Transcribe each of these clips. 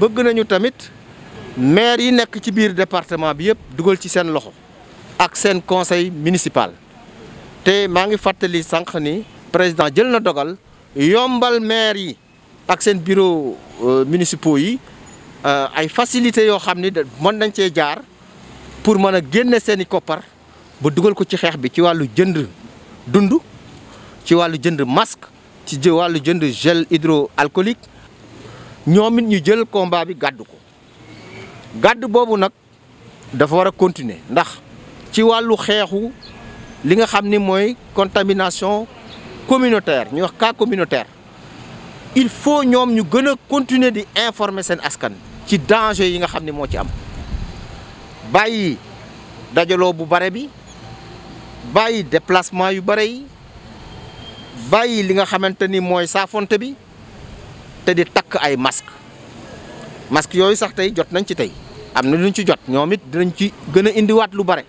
bëgg nañu tamit maire yi nekk ci biir département bi yëpp duggal ci seen loxo ak seen conseil municipal té ma ngi fatali sank ni président jël na dogal yombal maire yi ak seen bureau euh, municipaux yi euh, ay facilités yo xamni mën nañ ci jaar pour mëna génné génne copar bu duggal ko ci xex bi ci walu jënd dundu ci walu jënd masque ci walu jënd gel hydroalcoolique ñoom it ñu jël combat bi gaddu ko gaddu bobu nak dafa wara continuer ndax ci walu xexu li nga xamni moy contamination communautaire ñu wax cas communautaire il faut ñoom ñu gëna continuer di informer seen askan ci danger yi nga xamni mo ci am bayyi dajalo bu bare bi bayyi déplacement yu bare yi bayyi li nga xamanteni moy mooy bi te di takk ay masque masque yooyu sax tey jot nañ ci tey am na luñ ci jot ñoom it dinañ ci gën a indiwaat lu bare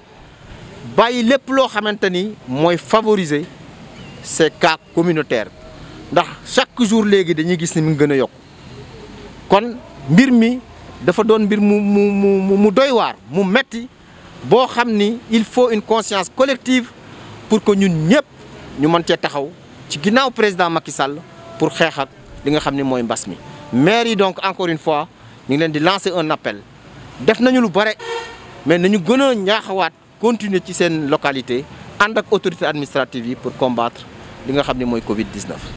bàyyi lépp loo xamante ni mooy favoriser ces cas communautaires ndax chaque jour léegi dañuy gis ni mu gën a yokk kon mbir mi dafa doon mbir mu mu mu mu doy waar mu metti boo xam ni il faut une conscience collective pour que ñun ñëpp ñu mën cee taxaw ci ginnaaw président Macky Sall pour xeex li nga maire donc encore une fois nous ngi lancé un appel Nous nañu lu bare mais nañu mais nous continuer ci cette localité avec ak autorité administrative pour combattre le Covid 19.